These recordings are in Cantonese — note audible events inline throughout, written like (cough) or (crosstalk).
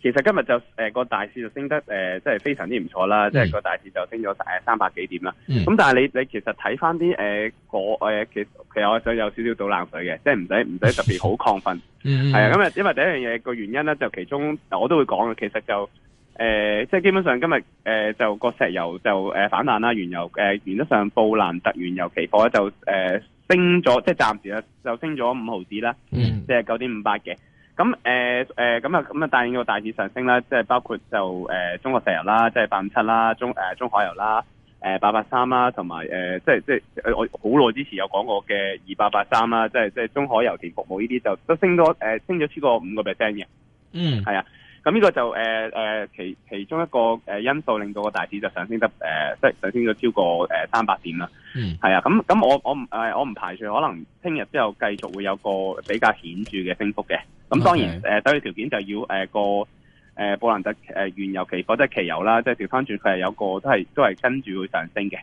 其實今日就誒個、呃、大市就升得誒真係非常之唔錯啦，嗯、即係個大市就升咗誒三百幾點啦。咁、嗯、但係你你其實睇翻啲誒個誒其其實我想有少少倒冷水嘅，即係唔使唔使特別好亢奮。係 (laughs) 啊，咁啊因為第一樣嘢個原因咧，就其中我都會講嘅，其實就誒、呃、即係基本上今日誒、呃、就個石油就誒反彈啦，原油誒原則上布蘭特原油期貨就誒、呃、升咗，即係暫時啊就升咗五毫子啦，即係九點五八嘅。就是咁誒誒咁啊咁啊帶引個大市上升啦，即係包括就誒中國石油啦，即係八五七啦，中誒中海油啦，誒八八三啦，同埋誒即係即係誒我好耐之前有講過嘅二八八三啦，即係即係中海油田服務呢啲就都升多誒升咗超過五個 percent 嘅，嗯，係啊。咁、嗯、呢、這個就誒、呃、其其中一個誒因素，令到個大市就上升得誒，即、呃、係上升咗超過誒三百點啦。係、呃嗯、啊，咁咁我我唔我唔排除可能聽日之後繼續會有個比較顯著嘅升幅嘅。咁當然誒，第、okay. 二、呃、條件就要誒個誒布蘭特、呃、原油期貨即係期油啦，即係調翻轉佢係有個都係都係跟住會上升嘅。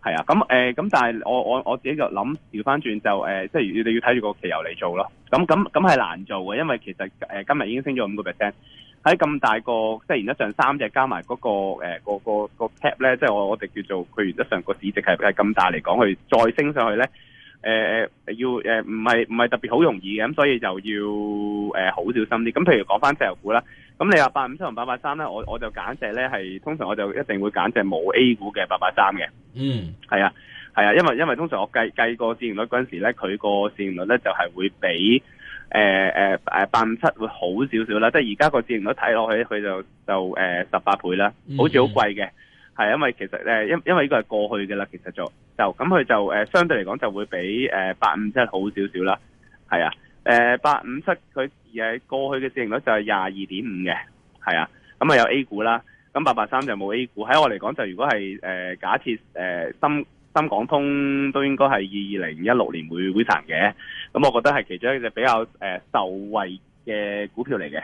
係啊，咁誒咁，但係我我我自己就諗調翻轉就、呃、即係要你要睇住個期油嚟做咯。咁咁咁係難做嘅，因為其實、呃、今日已經升咗五個 percent。喺咁大個，即係原則上三隻加埋嗰、嗰個誒、呃嗰個、嗰個、嗰個 cap 咧，即係我我哋叫做佢原則上個市值係係咁大嚟講，佢再升上去咧，誒、呃、誒要誒唔係唔係特別好容易嘅，咁所以就要誒好、呃、小心啲。咁譬如講翻石油股啦，咁你話八五七同八八三咧，我我就揀隻咧係通常我就一定會揀隻冇 A 股嘅八八三嘅。嗯，係啊，係啊，因為因為通常我計計個市盈率嗰陣時咧，佢個市盈率咧就係會比。誒誒誒，八五七會好少少啦，即係而家個市盈率睇落去，佢就就誒十八倍啦，好似好貴嘅，係、嗯、因為其實咧因、呃、因為呢個係過去嘅啦，其實就就咁佢、嗯、就誒、呃、相對嚟講就會比誒、呃、八五七好少少啦，係啊，誒、呃、八五七佢而過去嘅市盈率就係廿二點五嘅，係啊，咁、嗯、啊、嗯嗯、有 A 股啦，咁八八三就冇 A 股，喺我嚟講就如果係誒、呃、假設誒、呃、深。深港通都應該係二零一六年會會行嘅，咁我覺得係其中一個比較、呃、受惠嘅股票嚟嘅，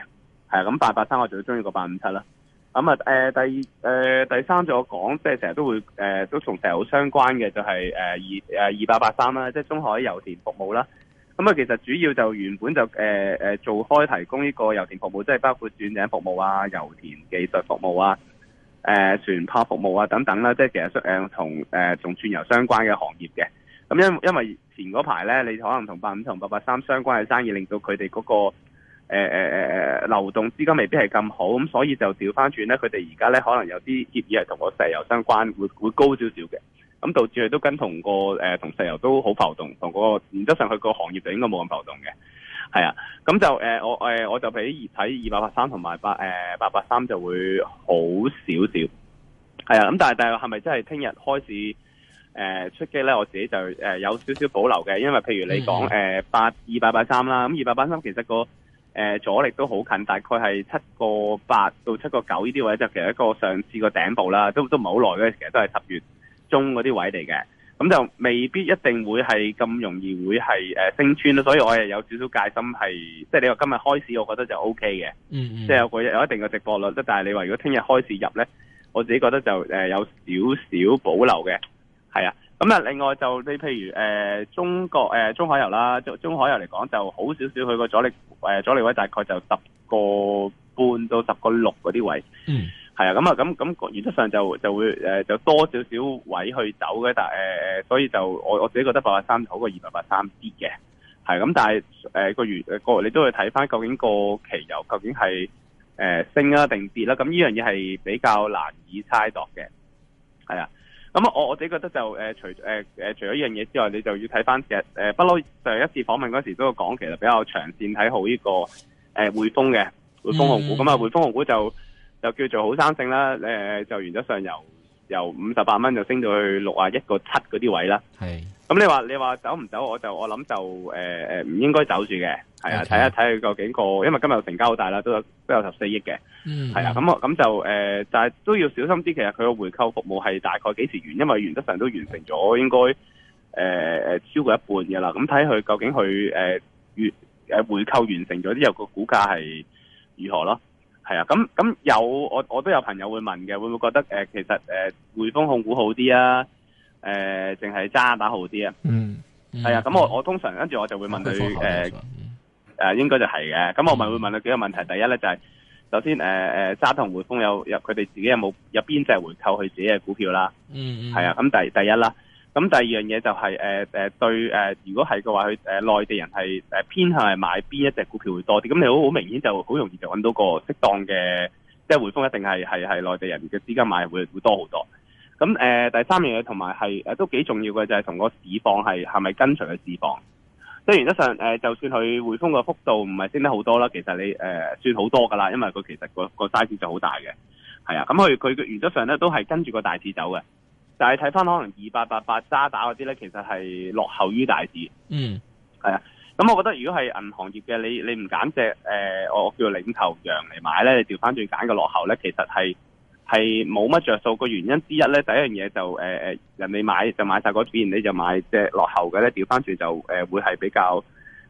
係啊，咁八八三我最中意個八五七啦。咁啊誒第誒、呃、第三就我講，即係成日都會誒都同石油相關嘅，就係誒二誒二八八三啦，呃、283，即係中海油田服務啦。咁啊其實主要就原本就誒、呃、做開提供呢個油田服務，即係包括鑽井服務啊、油田技術服務啊。誒、呃，船舶服務啊，等等啦，即係其實誒同誒鑽油相關嘅行業嘅。咁因因為前嗰排咧，你可能同八五同八八三相關嘅生意，令到佢哋嗰個誒誒誒誒流動資金未必係咁好，咁所以就調翻轉咧，佢哋而家咧可能有啲協議係同個石油相關，會會高少少嘅。咁導致佢都跟同個誒、呃、同石油都好浮動，同個原則上佢個行業就應該冇咁浮動嘅。係啊，咁就誒、呃，我誒、呃，我就俾睇二八八三同埋八誒、呃、八八三就會好少少，係啊，咁但係但係係咪真係聽日開始誒、呃、出擊咧？我自己就誒、呃、有少少保留嘅，因為譬如你講誒、呃、八二八八三啦，咁二八八三其實、那個誒、呃、阻力都好近，大概係七個八到七個九呢啲位，就其實一個上次個頂部啦，都都唔係好耐嘅，其實都係十月中嗰啲位嚟嘅。咁就未必一定會係咁容易會係誒、呃、升穿咯，所以我又有少少戒心係，即、就、係、是、你話今日開市我覺得就 O K 嘅，即係有個有一定嘅直播率。但係你話如果聽日開市入呢，我自己覺得就誒、呃、有少少保留嘅，係啊。咁、嗯、啊，另外就你譬如誒、呃、中國誒、呃、中海油啦，中海油嚟講就好少少，佢個阻力、呃、阻力位大概就十個半到十個六嗰啲位。嗯係啊，咁啊，咁咁，原則上就就會、呃、就多少少位去走嘅，但誒、呃、所以就我我自己覺得八百三好過二百八三啲嘅，係咁、啊，但係誒、呃、個，個月你都要睇翻究竟個期油究竟係誒、呃、升啊定跌啦、啊，咁呢樣嘢係比較難以猜度嘅，係啊，咁啊，我我自己覺得就、呃、除咗一、呃、除咗樣嘢之外，你就要睇翻其實不嬲上一次訪問嗰時都講，其實比較長線睇好呢、這個誒匯豐嘅匯豐控股，咁啊匯豐控股就。就叫做好生性啦，誒、呃、就原則上，由五十八蚊就升到去六啊一個七嗰啲位啦。係，咁你話你話走唔走我？我想就我諗就誒誒唔應該走住嘅，係啊，睇下睇下佢究竟個，因為今日成交好大啦，都有都有十四億嘅，係、mm -hmm. 啊，咁我咁就誒、呃，但係都要小心啲。其實佢嘅回購服務係大概幾時完？因為原則上都完成咗，okay. 應該誒誒、呃、超過一半嘅啦。咁睇佢究竟佢誒完誒回購完成咗之後，個股價係如何咯？係啊，咁咁有我我都有朋友會問嘅，會唔會覺得誒、呃，其實誒匯豐控股好啲啊？誒、呃，淨係渣打好啲啊？嗯，係、嗯、啊，咁我我通常跟住我就會問佢誒誒，應該就係嘅。咁、嗯嗯、我咪會問佢幾個問題，第一咧就係、是、首先誒誒，渣同匯豐有入，佢哋自己有冇有邊隻回購佢自己嘅股票啦、啊？嗯，係、嗯、啊，咁第第一啦。咁、嗯、第二樣嘢就係誒誒對、呃、如果係嘅話，佢誒內地人係誒偏向係買邊一隻股票會多啲。咁你好好明顯就好容易就揾到個適當嘅，即係匯豐一定係係係內地人嘅資金買會會多好多。咁、嗯、誒、呃、第三樣嘢同埋係都幾重要嘅，就係、是、同個市況係係咪跟隨嘅市況。即係原則上誒、呃，就算佢匯豐個幅度唔係升得好多啦，其實你誒、呃、算好多噶啦，因為佢其實個 size 就好大嘅，係啊。咁佢佢嘅原則上咧都係跟住個大市走嘅。但係睇翻可能二八八八渣打嗰啲咧，其實係落後於大市。嗯，係啊。咁、嗯、我覺得如果係銀行業嘅，你你唔揀隻誒，我叫領頭羊嚟買咧，你調翻轉揀個落後咧，其實係係冇乜着數。個原因之一咧，第一樣嘢就誒誒、呃，人哋買就買晒嗰邊，你就買隻落後嘅咧，調翻轉就誒會係比較。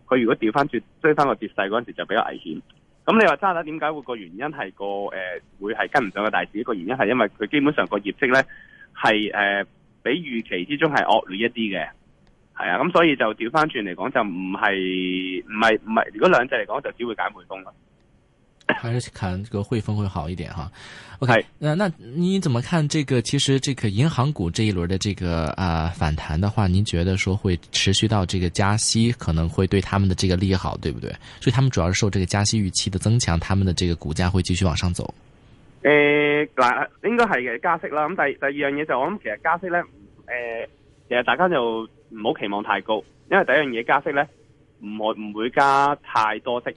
佢如果調翻轉追翻個跌勢嗰陣時就比較危險。咁你話渣打點解會個原因係個誒、呃、會係跟唔上個大市？個原因係因為佢基本上個業績咧。係誒、呃，比預期之中係惡劣一啲嘅，係啊，咁所以就調翻轉嚟講，就唔係唔係唔係，如果兩者嚟講，就只會揀匯豐咯。還是看這個匯豐會好一點哈。 (laughs) OK，那那你怎麼看這個？其實這個銀行股這一輪的這個啊、呃、反彈的話，您覺得說會持續到這個加息，可能會對他們的這個利好，對不對？所以他們主要是受這個加息預期的增強，他們的這個股價會繼續往上走。誒，嗱，應該係嘅加息啦。咁第二第二樣嘢就我諗，其實加息咧，誒、呃，其實大家就唔好期望太高，因為第一樣嘢加息咧，唔會唔會加太多息。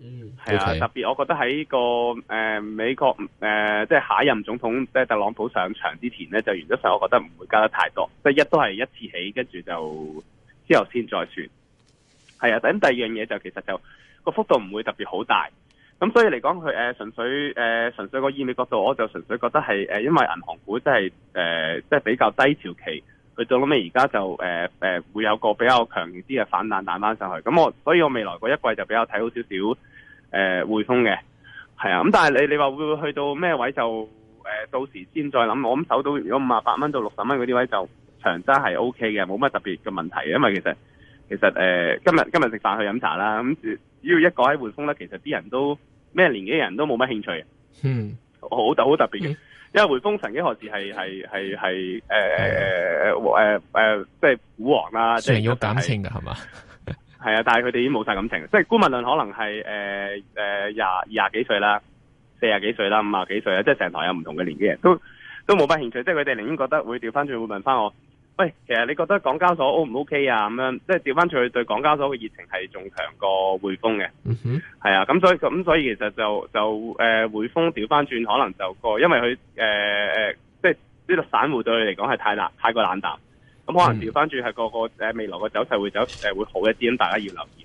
嗯，係啊，okay。特別我覺得喺個誒、呃、美國誒、呃，即係下一任總統即係特朗普上場之前咧，就原則上我覺得唔會加得太多，即係一都係一次起，跟住就之後先再算。係啊，咁第二樣嘢就其實就個幅度唔會特別好大。咁所以嚟講，佢誒純粹誒純、呃、粹個意見角度，我就純粹覺得係因為銀行股真係誒，即、呃、係比較低潮期，佢到咁尾而家就誒誒、呃、會有個比較強啲嘅反彈彈翻上去。咁我所以我未來個一季就比較睇好少少誒匯豐嘅，係啊。咁但係你你話會唔會去到咩位就、呃、到時先再諗。我諗守到如果五啊八蚊到六十蚊嗰啲位就長揸係 OK 嘅，冇乜特別嘅問題，因為其實其實誒、呃，今日今日食飯去飲茶啦，咁、嗯、只要一個喺匯豐咧，其實啲人都咩年紀人都冇乜興趣。嗯，好特好特別，嘅、嗯、因為匯豐曾經何時係係係係誒誒誒，即係股王啦，即係有感情嘅係嘛？係啊，但係佢哋已經冇晒感情，即係股民論可能係誒誒廿廿幾歲啦，四廿幾歲啦，五廿幾歲啦，即係成台有唔同嘅年紀人都都冇乜興趣，即係佢哋寧願覺得會調翻轉會問翻我。喂，其實你覺得港交所 O 唔 O K 啊？咁樣即係調翻出去對港交所嘅熱情係仲強過匯豐嘅，係、mm -hmm. 啊。咁所以咁所以其實就就誒匯豐調翻轉可能就個因為佢誒、呃、即係呢度散戶對佢嚟講係太冷，太過冷淡。咁可能調翻轉係個個誒未來嘅走勢會走誒會好一啲，咁大家要留意。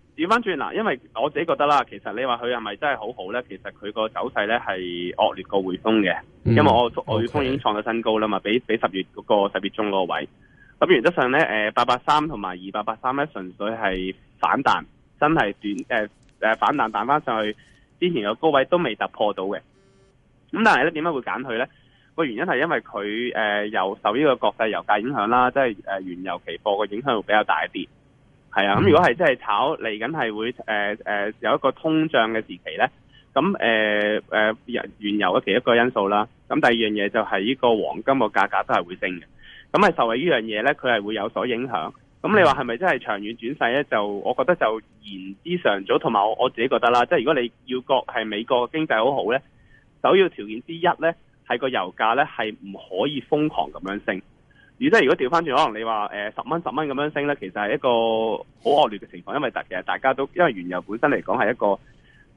調翻轉嗱，因為我自己覺得啦，其實你話佢係咪真係好好咧？其實佢個走勢咧係惡劣過匯豐嘅，因為我匯豐已經創咗新高啦嘛、okay.，比10、那個、比十月嗰個十月中那個位。咁、啊、原則上咧，誒八八三同埋二八八三咧，純粹係反彈，真係轉誒誒反彈彈翻上去之前個高位都未突破到嘅。咁但係咧，點解會揀佢咧？個原因係因為佢誒有受呢個國際油價影響啦，即係誒原油期貨個影響會比較大啲。係啊，咁如果係真係炒嚟緊係會誒誒、呃呃、有一個通脹嘅時期咧，咁誒誒原油嘅其中一個因素啦，咁第二樣嘢就係呢個黃金個價格都係會升嘅，咁係受惠於呢樣嘢咧，佢係會有所影響。咁你話係咪真係長遠轉勢咧？就我覺得就言之尚早，同埋我我自己覺得啦，即係如果你要覺係美國經濟好好咧，首要條件之一咧係個油價咧係唔可以瘋狂咁樣升。如果調翻轉，可能你話誒、呃、十蚊十蚊咁樣升呢，其實係一個好惡劣嘅情況，因為其實大家都因為原油本身嚟講係一個係、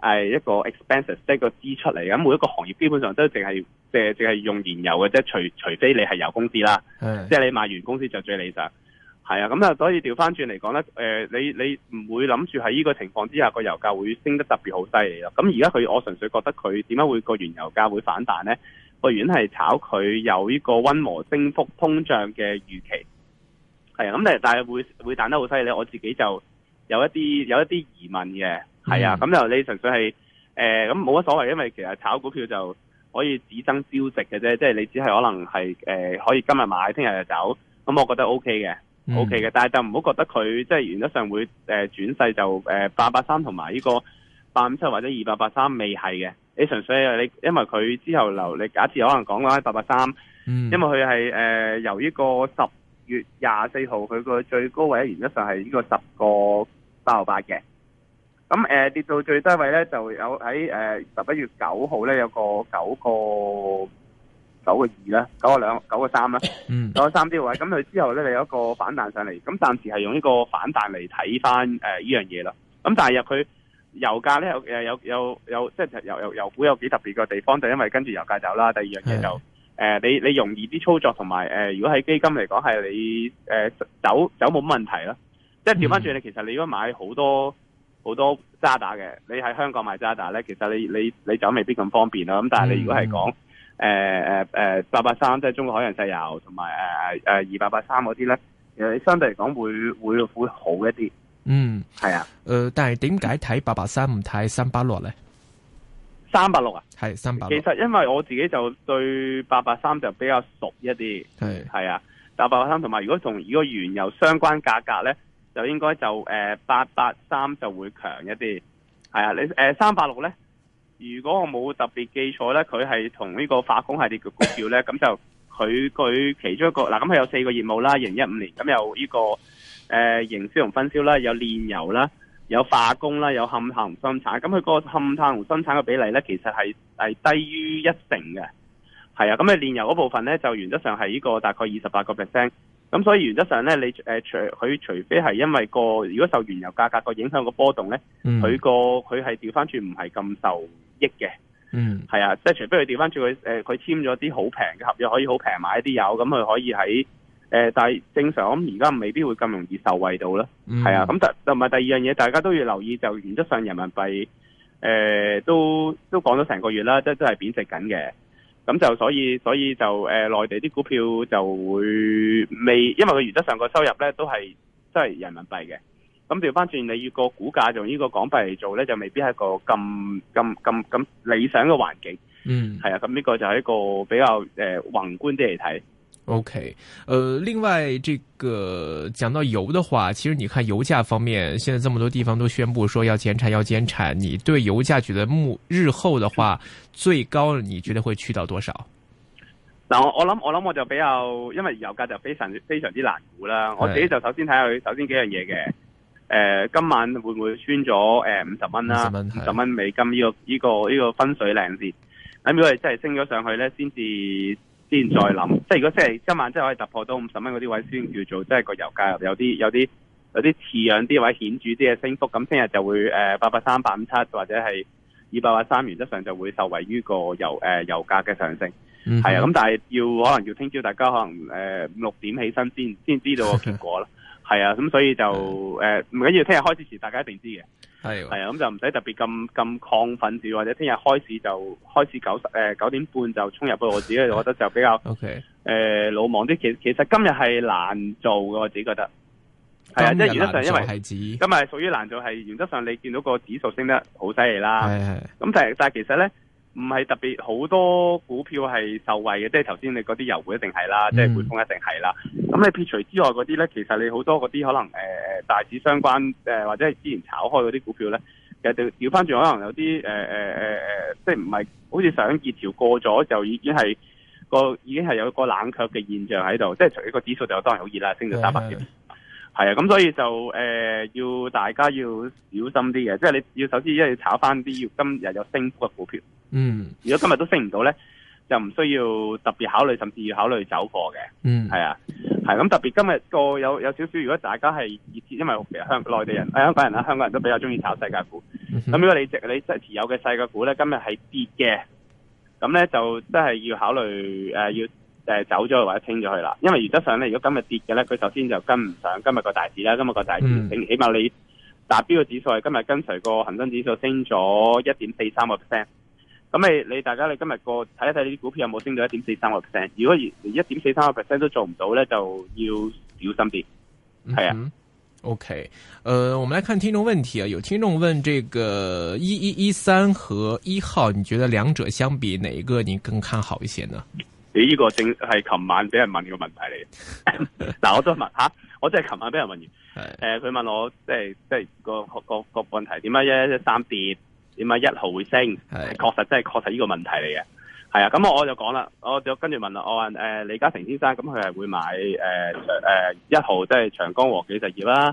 呃、一個 expenses 即係個支出嚟嘅。咁每一個行業基本上都淨係即係淨係用燃油嘅即啫，除除非你係油公司啦，即係你買完公司就最理想。係啊，咁啊，所以調翻轉嚟講呢，誒、呃，你你唔會諗住喺呢個情況之下個油價會升得特別好犀利！咁而家佢我純粹覺得佢點解會個原油價會反彈呢？個源係炒佢有呢個溫和升幅、通脹嘅預期，係啊，咁但係但係會會彈得好犀利，我自己就有一啲有一啲疑問嘅，係啊，咁、嗯、就你純粹係誒咁冇乜所謂，因為其實炒股票就可以只爭朝夕嘅啫，即係你只係可能係誒、呃、可以今日買，聽日就走，咁我覺得 OK 嘅、嗯、OK 嘅，但係就唔好覺得佢即係原則上會誒轉勢就誒八八三同埋呢個八五七或者二八八三未係嘅。你純粹你因為佢之後流，你假設有可能講喺八八三，因為佢係誒由呢個十月廿四號佢個最高位原則上係呢個十個八毫八嘅。咁誒、呃、跌到最低位咧，就有喺誒十一月九號咧，有個九個九個二啦，九個兩九個三啦，九個三啲位。咁、嗯、佢之後咧，你有一個反彈上嚟，咁暫時係用呢個反彈嚟睇翻誒呢樣嘢啦。咁、呃這個、但係入佢。油價咧有誒有有有即係油油油股有幾特別嘅地方，就是、因為跟住油價走啦。第二樣嘢就誒、呃、你你容易啲操作，同埋誒如果喺基金嚟講，係你誒、呃、走走冇問題咯。即係調翻轉，你其實你如果買好多好多渣打嘅，你喺香港買渣打咧，其實你你你，你走未必咁方便咯。咁但係你如果係講誒誒誒八八三即係中國海洋石油同埋誒誒二八八三嗰啲咧，你相對嚟講會會會好一啲。嗯，係啊，誒、呃，但係點解睇八八三唔睇三八六咧？三八六啊，係三八六。其實因為我自己就對八八三就比較熟一啲，係係啊，但八八三同埋如果同呢個原油相關價格咧，就應該就誒八八三就會強一啲，係啊，你誒、呃、三八六咧，如果我冇特別記錯咧，佢係同呢個化工系列嘅股票咧，咁 (coughs) 就佢佢其中一個嗱，咁佢有四個業務啦，二零一五年咁有呢、這個。誒、呃，營銷同分銷啦，有煉油啦，有化工啦，有勘探同生產。咁佢個勘探同生產嘅比例咧，其實係係低於一成嘅。係啊，咁你煉油嗰部分咧，就原則上係呢個大概二十八個 percent。咁所以原則上咧，你誒、呃、除佢除非係因為個如果受原油價格個影響個波動咧，佢、mm. 個佢係調翻轉唔係咁受益嘅。嗯，係啊，即係除非佢調翻轉佢誒，佢簽咗啲好平嘅合約，可以好平買一啲油，咁佢可以喺。誒、呃，但係正常，咁而家未必會咁容易受惠到啦。係、嗯、啊，咁第同埋第二樣嘢，大家都要留意，就原則上人民幣，誒、呃，都都講咗成個月啦，即係都係貶值緊嘅。咁就所以所以就，誒、呃，內地啲股票就會未，因為佢原則上個收入咧都係即係人民幣嘅。咁調翻轉，你要個股價用呢個港幣嚟做咧，就未必係一個咁咁咁咁理想嘅環境。嗯，係啊，咁呢個就係一個比較，誒、呃，宏觀啲嚟睇。O、okay, K，呃，另外，這個講到油的話，其實你看油價方面，現在這麼多地方都宣布說要減產，要減產。你對油價覺得目日後的話最高你覺得會去到多少？嗱，我諗我諗我就比較，因為油價就非常非常之難估啦。我自己就首先睇下佢， (laughs) 首先幾樣嘢嘅。誒、呃，今晚會唔會穿咗誒五十蚊啦，五十蚊美金呢、這個呢、這個呢、這個分水嶺線？咁如果係真係升咗上去咧，先至。先 (music) 再諗，即係如果即係今晚真係可以突破到五十蚊嗰啲位置，先叫做即係個油價有啲有啲有啲似樣啲或者顯著啲嘅升幅，咁聽日就會誒八八三、八五七或者係二百八三，原則上就會受惠於個油誒、呃、油價嘅上升，係、mm、啊 -hmm.，咁但係要可能要聽朝大家可能誒五六、呃、點起身先先知道個結果啦。 (laughs) 係啊，咁所以就誒唔緊要，聽日、呃、開始時大家一定知嘅。係係啊，咁就唔使特別咁咁亢奮住，或者聽日開始就開始九十誒、呃、九點半就衝入去。我自己覺得就比較 (laughs) ，OK，誒魯莽啲。其實其實今日係難做嘅，我自己覺得係啊。即係、就是、原則上，因爲今日係屬於難做，係原則上你見到個指數升得好犀利啦。係係。咁但係但係其實咧。唔係特別好多股票係受惠嘅，即係頭先你嗰啲油股一定係啦，嗯，即係匯豐一定係啦。咁你撇除之外嗰啲咧，其實你好多嗰啲可能誒、呃、大市相關誒、呃、或者係之前炒開嗰啲股票咧，其實掉返轉可能有啲誒、呃呃、即係唔係好似上熱潮過咗就已經係個已經係有個冷卻嘅現象喺度，即係除咗個指數就當然好熱啦，升咗三百幾。係啊，咁所以就誒要、呃、大家要小心啲嘅，即係你要首先一係要炒翻啲要今日有升幅嘅股票。嗯，如果今日都升唔到咧，就唔需要特別考慮，甚至要考慮走貨嘅。嗯，係啊，係咁特別今日個有有少少，如果大家係熱切，因為其實香內地人、香港人啦，香港人都比較中意炒世界股、嗯。咁如果你你持有嘅世界股咧，今日係跌嘅，咁咧就真係要考慮、啊、要走咗去或者清咗去啦。因為原則上咧，如果今日跌嘅咧，佢首先就跟唔上今日個大市啦，今日個大市、嗯。起碼你達標嘅指數係今日跟隨個恒生指數升咗一點四三個 percent。咁你你大家你今日個睇一睇呢啲股票有冇升到一點四三個 percent？如果一點四三個 percent 都做唔到咧，就要小心啲。係啊、嗯、，OK，呃，我們來看聽眾問題啊。有聽眾問：這個一一一三和一號，你覺得兩者相比哪，哪一個你更看好一些呢？你、這、呢個正係琴晚俾人問嘅問題嚟。嘅。嗱，我都問下，我真係琴晚俾人問完。誒，佢、呃、問我即係即係個個個問題點解一一三跌？點解一號會升？係確實，真係確實呢個問題嚟嘅。係啊，咁我我就講啦，我就跟住問啦。我話誒、呃、李嘉誠先生，咁佢係會買誒誒一號，即係長江和記實業啦，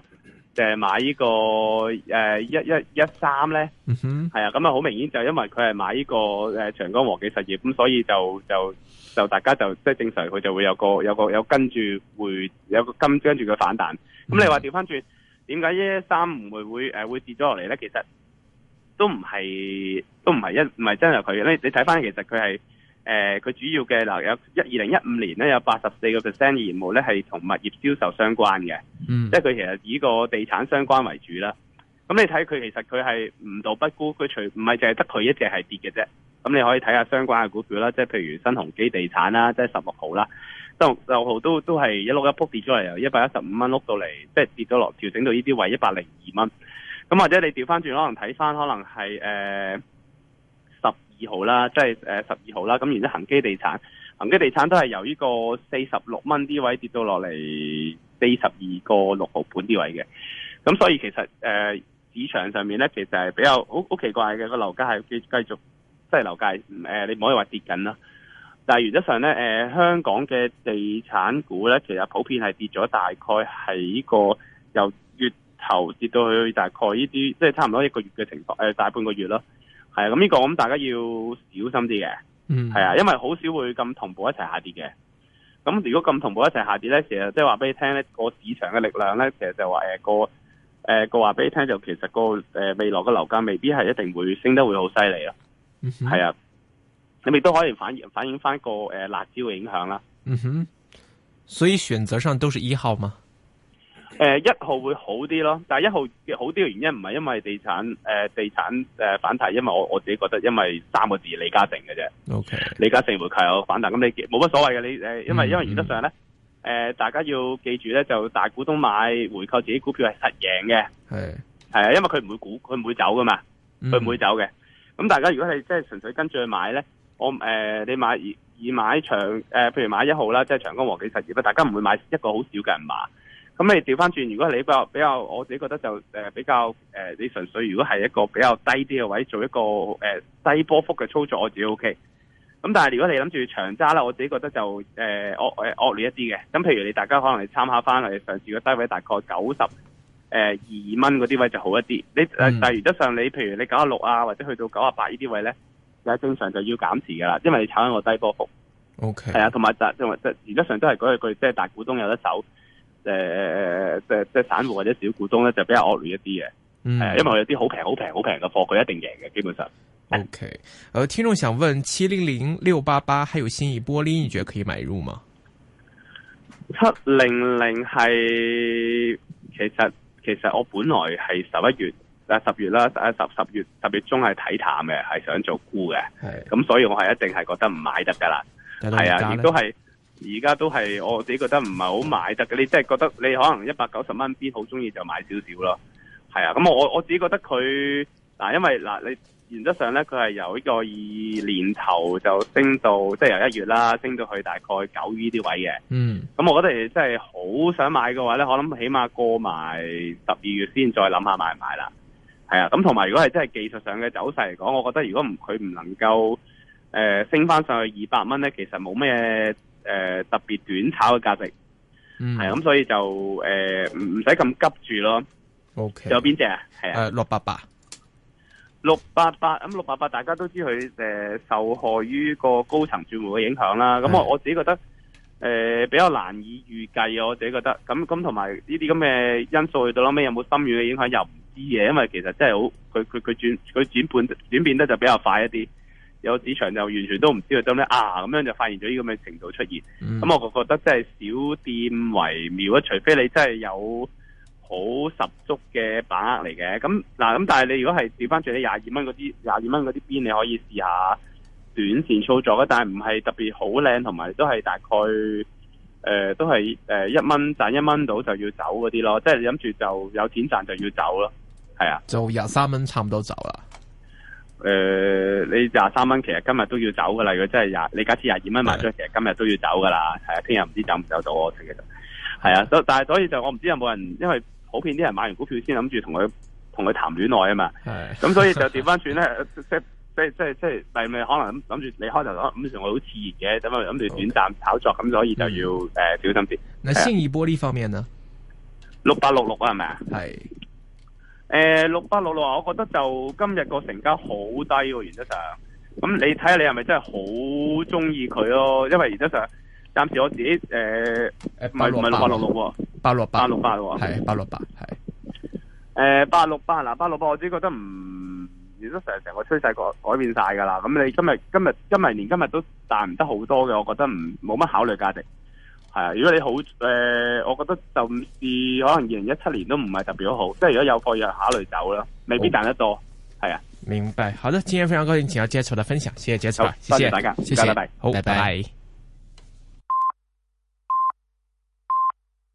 定、就、係、是、買、這個呃、1, 1, 1, 呢個誒一一一三咧？哼、mm -hmm.，係啊，咁啊好明顯就因為佢係買呢、這個誒、呃、長江和記實業，咁所以就就就大家就即係正常，佢就會有個有個有跟住會有個跟跟住佢反彈。咁、mm -hmm. 你話調翻轉，點解一一三唔會會誒、呃、會跌咗落嚟咧？其實？都唔係，都唔係一唔係真係佢咧。你睇翻其實佢係誒，佢、呃、主要嘅嗱有一二零一五年咧，有八十四個 percent 嘅業務咧係同物業銷售相關嘅、嗯，即係佢其實以個地產相關為主啦。咁、嗯、你睇佢其實佢係唔到不孤，佢除唔係淨係得佢一隻係跌嘅啫。咁、嗯、你可以睇下相關嘅股票啦，即係譬如新鴻基地產啦，即係十六號啦，十六號都都係一碌一撲跌咗嚟，由一百一十五蚊碌到嚟，即係跌咗落調整到呢啲位一百零二蚊。咁或者你調翻轉，可能睇翻，可能係誒十二號啦，即係誒十二號啦。咁然之後恆基地產、恒基地產都係由呢個四十六蚊啲位跌到落嚟四十二個六毫半啲位嘅。咁所以其實誒、呃、市場上面咧，其實係比較好好奇怪嘅，個樓價係繼繼續即係樓價誒，你唔可以話跌緊啦。但係原則上咧、呃，香港嘅地產股咧，其實普遍係跌咗大概喺個由。頭跌到去大概呢啲，即係差唔多一個月嘅情況，誒、呃、大半個月咯。係啊，咁、這、呢個咁大家要小心啲嘅，係、嗯、啊，因為好少會咁同步一齊下跌嘅。咁如果咁同步一齊下跌咧，其實即係話俾你聽咧，個市場嘅力量咧，其實就話誒個誒個話俾你聽就其實個誒、呃呃、未來嘅樓價未必係一定會升得會好犀利咯。係、嗯、啊，你亦都可以反映反映翻個誒辣椒嘅影響啦。嗯哼，所以選擇上都係一號嗎？誒、呃，一號會好啲咯，但係一號好啲嘅原因唔係因為地產誒、呃、地產誒、呃、反彈，因為我我自己覺得因為三個字李嘉誠嘅啫。O、okay. K. 李嘉誠回購有反彈，咁你冇乜所謂嘅，你誒因為因為原則上咧，誒、嗯嗯呃、大家要記住咧就大股東買回購自己股票係實贏嘅，係係啊，因為佢唔會股佢唔會走噶嘛，佢唔會走嘅。咁、嗯嗯、大家如果係即係純粹跟住去買咧，我誒、呃、你買以買長誒、呃，譬如買一號啦，即係長江和記實業啦，大家唔會買一個好少嘅碼。咁你調翻轉，如果你比較比較，我自己覺得就誒比較誒、呃，你純粹如果係一個比較低啲嘅位，做一個誒、呃、低波幅嘅操作，我自己 OK。咁但係如果你諗住長揸啦，我自己覺得就誒、呃呃、惡誒劣一啲嘅。咁譬如你大家可能你參考翻嚟上次個低位，大概九十誒二蚊嗰啲位就好一啲、嗯。你但係原則上你譬如你九十六啊，或者去到九十八呢啲位咧，又正常就要減持㗎啦，因為你炒緊個低波幅。O K。係啊，同埋就即原則上都係嗰句即係大股東有得走。誒誒誒，即係即係散戶或者小股東咧，就比較惡劣一啲嘅，嗯，因為佢有啲好平、好平、好平嘅貨，佢一定贏嘅，基本上。O K，好，聽眾想問七零零六八八，還有信義玻璃另一角可以買入嗎？七零零係其實其實我本來係十一月啊十月啦，十十十月十月，十月中係睇淡嘅，係想做沽嘅，係咁、嗯，所以我係一定係覺得唔買得㗎喇，係啊，亦都係。而家都係我自己覺得唔係好買得嘅，你真係覺得你可能一百九十蚊邊好中意就買少少咯，係啊。咁我我自己覺得佢嗱，因為嗱你原則上咧，佢係由呢個二年頭就升到即係、就是、由一月啦，升到去大概九 E 啲位嘅。嗯。咁我覺得你真係好想買嘅話咧，我諗起碼過埋十二月先再諗下買唔買啦。係啊。咁同埋如果係真係技術上嘅走勢嚟講，我覺得如果唔佢唔能夠、呃、升翻上去二百蚊咧，其實冇咩。誒、呃，特別短炒嘅價值，係、嗯、咁、嗯，所以就誒唔唔使咁急住咯。O、okay, K，仲有邊隻啊？係啊，六八八，六八八咁，六八八大家都知佢誒、呃、受害於個高層轉戶嘅影響啦。咁我我自己覺得誒比較難以預計啊，我自己覺得咁咁同埋呢啲咁嘅因素去到後尾有冇深遠嘅影響又唔知嘅，因為其實真係好佢佢佢轉佢轉變轉變得就比較快一啲。有市場就完全都唔知佢做咩啊，咁樣就發現咗呢咁嘅程度出現。咁、嗯嗯、我覺得即係小店為妙啊，除非你真係有好十足嘅把握嚟嘅。咁嗱，咁但係你如果係調翻住你廿二蚊嗰啲，廿二蚊嗰啲邊你可以試下短線操作啊，但係唔係特別好靚，同埋都係大概誒、呃、都係誒一蚊賺一蚊到就要走嗰啲咯。即係你諗住就有錢賺就要走咯。係啊，就廿三蚊差唔多走啦。誒、呃，你廿三蚊，其實今日都要走噶啦。如果真係廿，你假設廿二蚊買張，其實今日都要走噶啦。係啊，聽日唔知走唔走到。其實係啊，所但係所以就我唔知有冇人，因為普遍啲人買完股票先諗住同佢同佢談戀愛啊嘛。咁所以就調翻轉咧，即即即即係咪可能諗諗住你開頭諗諗住我好熾熱嘅，咁啊諗住短暫炒作，咁所以就要誒、嗯、呃、小心啲。嗱，信義玻璃方面啊，六八六六啊，係咪啊？係。誒、呃，六八六六啊，我覺得就今日個成交好低喎、啊，原則上。咁你睇下你係咪真係好中意佢咯？因為原則上，暫時我自己誒，唔唔係六八六六喎，八六八，八六八喎，係八六八係。誒，八六八嗱、呃，八六八，我自己覺得唔，原則上成個趨勢改改變晒噶啦。咁你今日今日今日連今日都賺唔得好多嘅，我覺得唔冇乜考慮價值。係啊，如果你好誒、呃，我覺得甚至可能二零一七年都唔係特別好，即係如果有貨要考慮走啦，未必賺得多。係啊，明白。好的，今天非常高興請到 Jasper 的分享，謝謝 Jasper，謝謝大家，謝謝，拜拜，好，拜拜。拜拜。